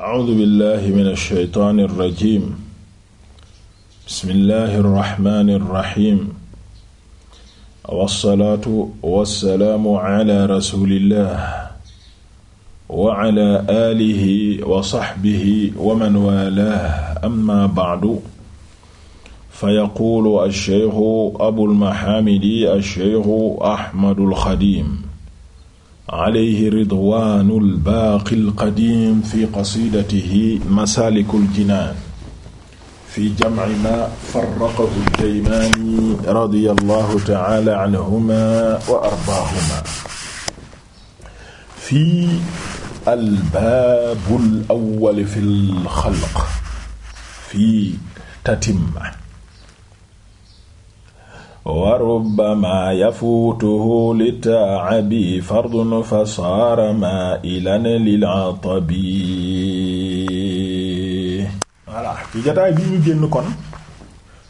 A'uuzu billaahi mina shaytaani rajiim. Bismillaahi rahmaani rahiim. Wassalaatu wassalaamu alaa rasuulillaah wa alaa aalihi wa sahbihi wa man waalaah, ammaa ba'du. Fayaquulu ash-shaykhu Abul Mahaamidi ash-shaykhu Ahmadul Xadiim alayhi ridwaanu lbaaqi alqadiim fi qasidatihi masaaliku ljinaan fi jamci maa farraqahu addaymaani radia allahu taala anhuma wa ardaahuma fi albaabu alawwal fi lxalq fi tatimma wa rubbama yafuutuhu litaabi fardun fa saara mailan lilatabi voilà ci jataay bi ñu génn kon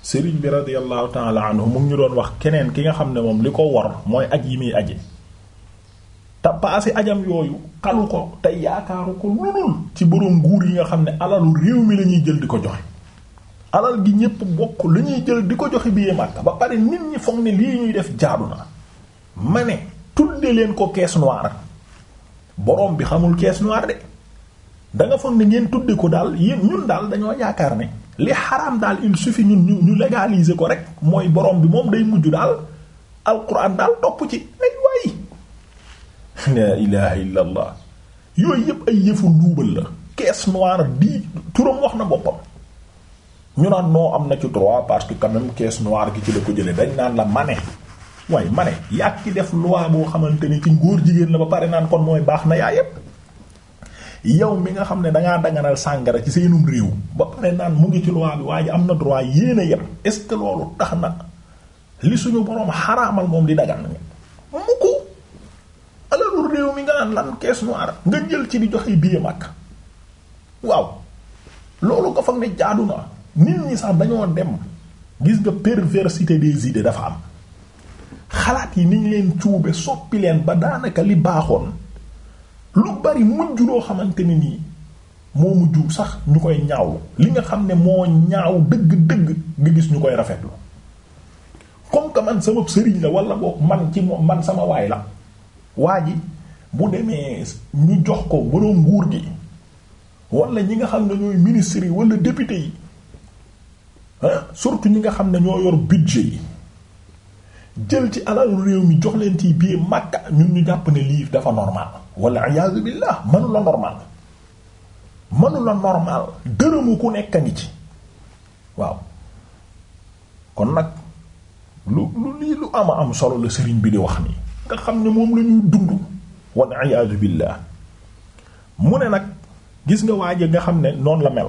sëriñ bi radiallahu taala anhu mu ñu doon wax keneen ki nga xam ne moom li ko war mooy aj yi muy aje te ajam yooyu xalu ko te yaakaaru ko lulul ci boroom nguur yi nga xam ne alalu réew mi lañuy jël di ko joxe alal gi ñépp bokk lu ñuy jël di ko joxe billet Makka ba pare nit ñi foog ne lii ñuy def jaadu na ma ne tudde leen ko kees noire borom bi xamul caisse noire de da nga foog ne ngeen tudde ko daal yéen ñun daal dañoo yaakaar ne li xaram daal il suffit ñun ñu ñu légaliser ko rek mooy borom bi moom day mujj daal alquran daal topp ci ay waay la ilaha illa yooyu yëpp ay yëfu luubal la caisse noire bii turam wax na boppam ñu naan noo am na ci droit parce que quand même caisse noire gi ci la ko jëlee dañ naan la mané waaye mané yàgg ci def loi boo xamante ni ci ngóor jigéen la ba pare naan kon mooy baax na yaa yépp yow mi nga xam ne dangaa danganal sàngara ci seenum réew ba pare naan mu ngi ci loi bi waaye am na droit yéen a yem est-ce que loolu tax na li suñu boroom xaraamal moom di dagan mu ko alalu réew mi nga naan lan caisse noire nga jël ci di joxe billet mag waaw loolu nga foog na nit ñi sax dañoo dem gis nga perversité des de dafa am xalaat yi niñ leen cuube soppi leen ba daanaka li baaxoon lu bari mujj loo xamante ne nii moo mujj sax ñu koy ñaaw li nga xam ne moo ñaaw dëgg-dëgg nga gis ñu koy rafetlu comme que man sama sëriñ la wala boog man ci man sama waay la waa ji bu demee ñu jox ko borom nguur gi wala ñi nga xam ne ñooy ministres yi wala députés yi. surtout ñi nga xam ne ñoo yor budget yi jël ci alal réew mi jox leen ci biir Makka ñun ñu jàpp ne lii dafa normal wala iyaazu billah mënu la normal mënu la dërëmu ku nekk a ngi ci waaw kon nag lu lu lii lu ama am solo la sëriñ bi di wax nii nga xam ne moom la ñuy dund wal iyaazu billah mu ne nag gis nga waaje nga xam ne noonu la mel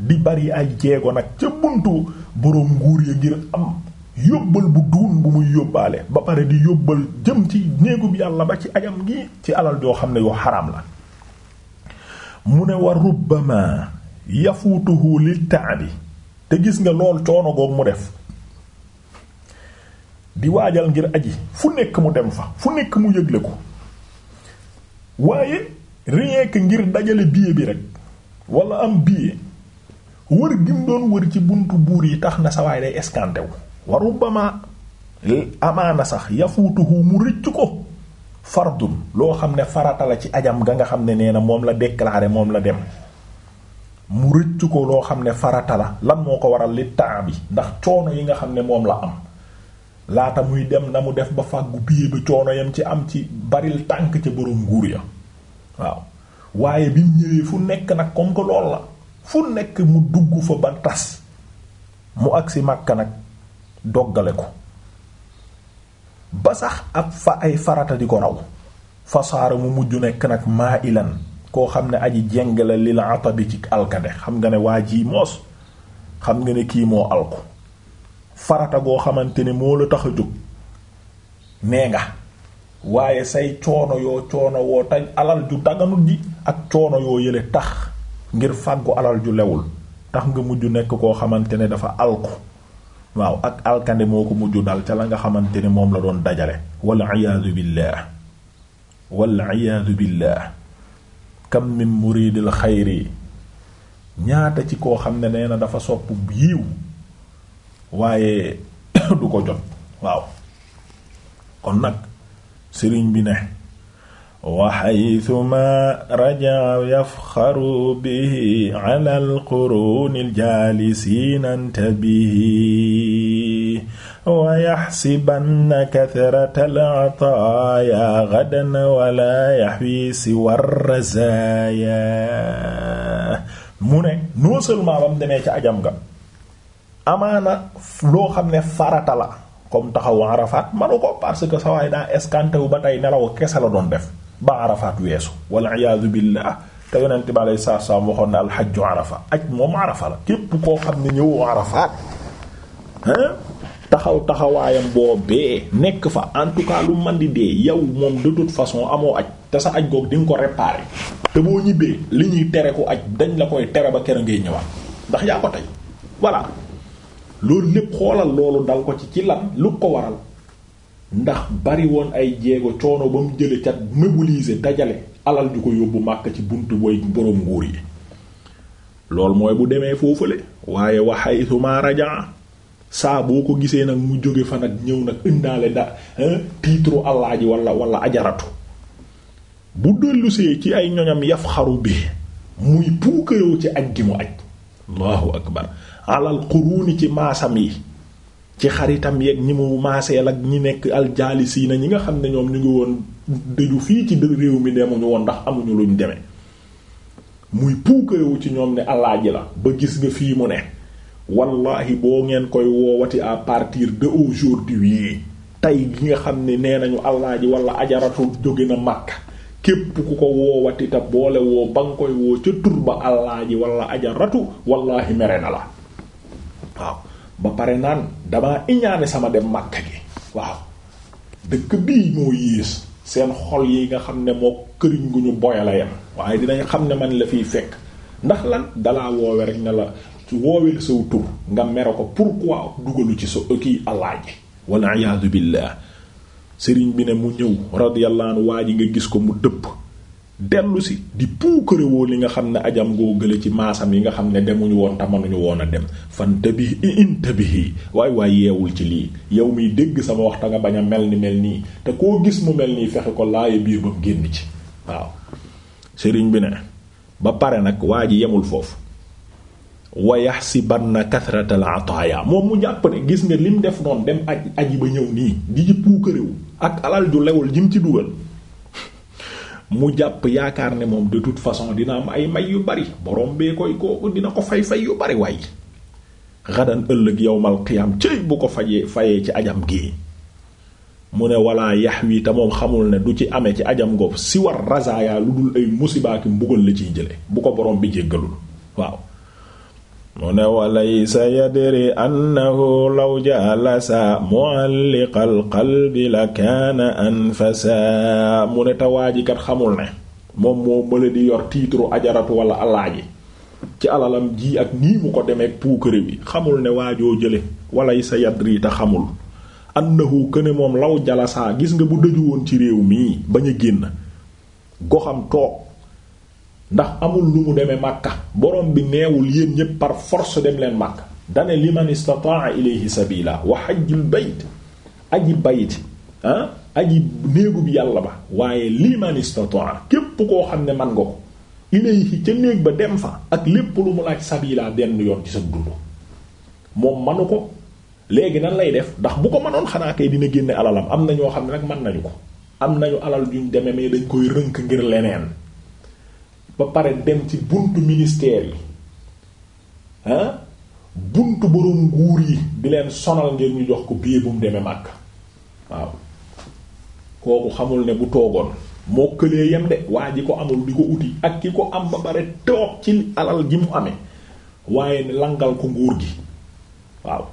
di bari ay jeego nag ca buntu boroom nguur ya ngir am yóbbal bu duun bu muy yóbbaale ba pare di yóbbal jëm ci néegub yàlla ba ci ajam gi ci alal joo xam ne yoo xaraam la mu ne wa rubbama yafuutuhu lil taabi te gis nga lool coono goog mu def di waajal ngir aji fu nekk mu dem fa fu nekk mu yëgle ko waaye rien que ngir dajale billet bi rekk wala am billet wër gi mu doon wër ci buntu buur yi tax na sawaay day escanté wu wa amaana sax yafuutuhu mu rëcc ko fardun loo xam ne farata la ci ajam ga nga xam ne nee na moom la déclaré moom la dem mu rëcc ko loo xam ne farata la lan moo ko waral li temps bi ndax coono yi nga xam ne moom la am laata muy dem na mu def ba fàggu piye bi coono yam ci am ci baril tànk ca borom nguur ya waaw waaye bi mu ñëwee fu nekk nag comme que lool la fu nekk mu dugg fa ba tas mu agsi Makka nag doggale ko ba sax ab fa ay farata di ko raw fasaara mu mujj nekk nag maa ilan koo xam ne aji jeng la li la atabi ci alkade xam nga ne waa jii moos xam nga ne kii moo alku farata goo xamante ne moo la tax a jóg nee nga waaye say coono yoo coono woo taj alal ju daganut ji ak coono yoo yële tax ngir fàggu alal ju lewul tax nga mujj nekk koo xamante ne dafa alku waaw ak alkande moo ko mujj dal ca la nga xamante ne moom la doon dajale wal iyaadu billah wal iyaadu billah kam min muridil xayri ñaata ci koo xam ne nee na dafa sopp yiiw waaye du ko jot waaw kon nag sëriñ bi ne wa xaytumaa raja'a yafxaru bihi ala alquruuni aljaalisiina antabihi wa yaxsibanna katrata alataaya gadan wala yaxwi siwa razaaya mu ne non seulement ba mu demee ca ajam ga amaana loo xam ne farata la comme taxawu Arafat manu ko parce que sa waay daa escanté wu ba tey nelaw kese la doon def ba arafaat weesu walla iyaazu billah te yonent bi alayhi salaatu salaam waxoon na alxajju arafa aj moom arafa la képp koo xam ne ñëw arafaat taxaw taxawaayam boo nekk fa en tout lu man di dee yow moom de toute façon amoo aj te sa aj goog di ko réparer te boo ñibbee li ñuy tere ku aj dañ la koy tere ba kër ngay ñëwaat ndax yaa ko tey voilà loolu lépp xoolal loolu dal ko ci ci lan lu ko waral ndax bari woon ay jéego coono ba mu jële ca mobiliser dajale alal ju ko yóbbu màkk ci buntu boy boroom nguur yi loolu mooy bu demee foofale waaye waxay suma rajaa saa boo ko gisee nag mu jóge fan nag ñëw nag indaale da titre allaaji wala wala ajaratu bu dellusee ci ay ñoñam yaf xaru bi muy puukarew ci aj gi mu aj allahu akbar alal quruuni ci maasam yi ci xaritam yeeg ñi mu maaseel ak ñi nekk aljaalisi na ñi nga xam ne ñoom ñu ngi woon dëju fii ci réew mi demuñu woon ndax amuñu luñ deme muy puukarewu ci ñoom ne alaaji la ba gis nga fii mu ne wallahi boo ngeen koy woowati à partir de aujourd'hui tey gi nga xam ne nee nañu ji wala ajaratu jóge na Makka képp ku ko woowati te boole woo ba koy woo ca tur ba ji walla ajaratu wallahi mere na la waaw ba pare naan dama iñaane sama dem Makka gi waaw dëkk bii moo yées seen xol yi nga xam ne moo këriñ gu ñu boyal a waaye dinañ xam ne man la fiy fekk ndax lan dalaa woowe rek ne la woowee saw tur nga mere ko pour pourquoi dugalu ci sa kii allah ji wal iyaadu billah sëriñ bi ne mu ñëw radiyallahu anhu waa ji nga gis ko mu dëpp dellu si di puukarewoo li nga xam ne ajam ngoo gële ci maasam yi nga xam ne demuñu woon tamanuñu woon a dem fan tabi intabihi waay waaye yeewul ci lii yow miy dégg sama wax ta nga bañ a mel ni mel nii te koo gis mu mel nii fexe ko laaye biir ba mu génn ci waaw sëriñ bi ne ba pare nag waa ji yemul foofu wa yahsibanna kathratal ataaya moom mu jàpp ne gis nga lim def noonu dem aj aji ba ñëw nii di ji puukarewu ak alal ju lewul jim ci dugal mu jàpp yaakaar ne moom de toute façon dina am ay may yu bari borom bee koy kooku dina ko fay fay yu bari waaye xadan ëllëg yowmal qiyaam cëy bu ko fajee fayee ci ajam gi mu ne walla yax wi te moom xamul ne du ci amee ci ajam goob si war razaaya lu dul ay musibaaki mbugal la ciy jële bu ko borom bi jéggalul waaw mu ne walaysa yadri annahu law jalasa mu'alliqal qalbi la kaana anfasa mu ne tawaajikat xamul ne moom moo mëla di yor tiitru ajaratu wala alaaji ci alalam ji ak nii mu ko demeek puukare bi xamul ne waajoo jële walaysa yadri te xamul annahu këne moom law jalasa gis nga bu dëju woon ci réew mii bañ a génn goxam toog ndax amul lu mu demee màkka borom bi neewul yéen ñépp par force dem leen màkka dane liman istataa ilayhi sabila wa hajjul bayt aji bayit ah aji néegu bi yàlla ba waaye liman istataa képp koo xam ne man nga ko ilayhi ca néeg ba dem fa ak lépp lu mu laaj sabila benn yoon ci sa dund moom manu ko léegi nan lay def ndax bu ko manoon xanaa kay dina génne alalam am na ñoo xam ne nag mën nañu ko am nañu alal juñ demee mais dañ koy rënk ngir leneen ba pare dem ci buntu ministère yi ah buntu borom nguur yi di leen sonal ngir ñu jox ko billet bu mu demee Makka waaw kooku xamul ne bu toogoon moo këlee yem de waa ji ko amul di ko uti ak ki ko am ba pare toog ci alal gi mu amee waaye ne langal ko nguur gi waaw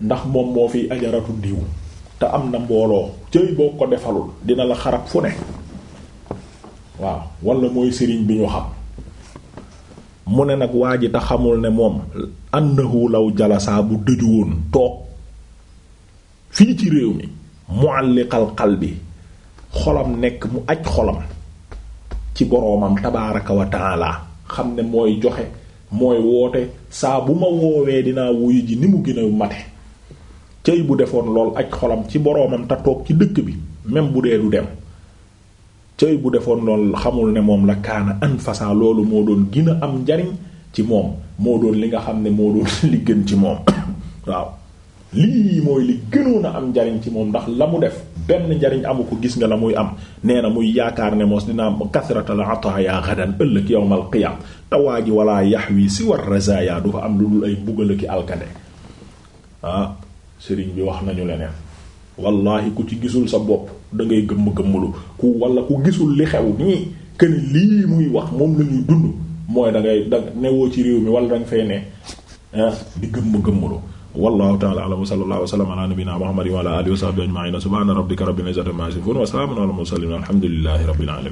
ndax moom moo fi ajaratu diw te am na mbooloo cëy boo ko defalul dina la xarab fu ne waaw wala mooy sëriñ bi ñu xam mu ne nag waa ji te xamul ne moom annahu law saa bu dëju woon toog fii ci réew mi mu'alliqal bi xolam nekk mu aj xolam ci boroomam tabaaraka wa xam ne mooy joxe mooy woote saa bu ma woowee dinaa wuyu ji ni mu gën a mate cëy bu defoon lool aj xolam ci boroomam te toog ci dëkk bi même bu dee du dem cëy bu defoon lool xamul ne moom la kaana anfasa loolu moo doon gën am njariñ ci moom moo doon li nga xam ne moo doon li gën ci moom waaw lii mooy li gënoon am njariñ ci moom ndax la mu def benn njariñ amu ko gis nga la muy am nee na muy yaakaar ne moos dina am kasratal ataaya gadan ëllëg yawmal qiyaam tawaa ji wala yaxwi si war razaya du fa am lu dul ay buggalaki alkande ah sëriñ bi wax nañu leneen wallahi ku ci gisul sa bopp da ngay gëmm-gëmmalu ku wala ku gisul li xew nii kën lii muy wax moom la ñuy dund mooy da ngay da newoo ci réew mi wala da nga ne ah, di gëmm-gëmmalu wallahu ta'ala a'lam wa sallallahu wa sallam ala nabiyyina muhammadin wa ala alihi wa sahbihi ajma'in subhana rabbika rabbil alhamdulillahi rabbil alamin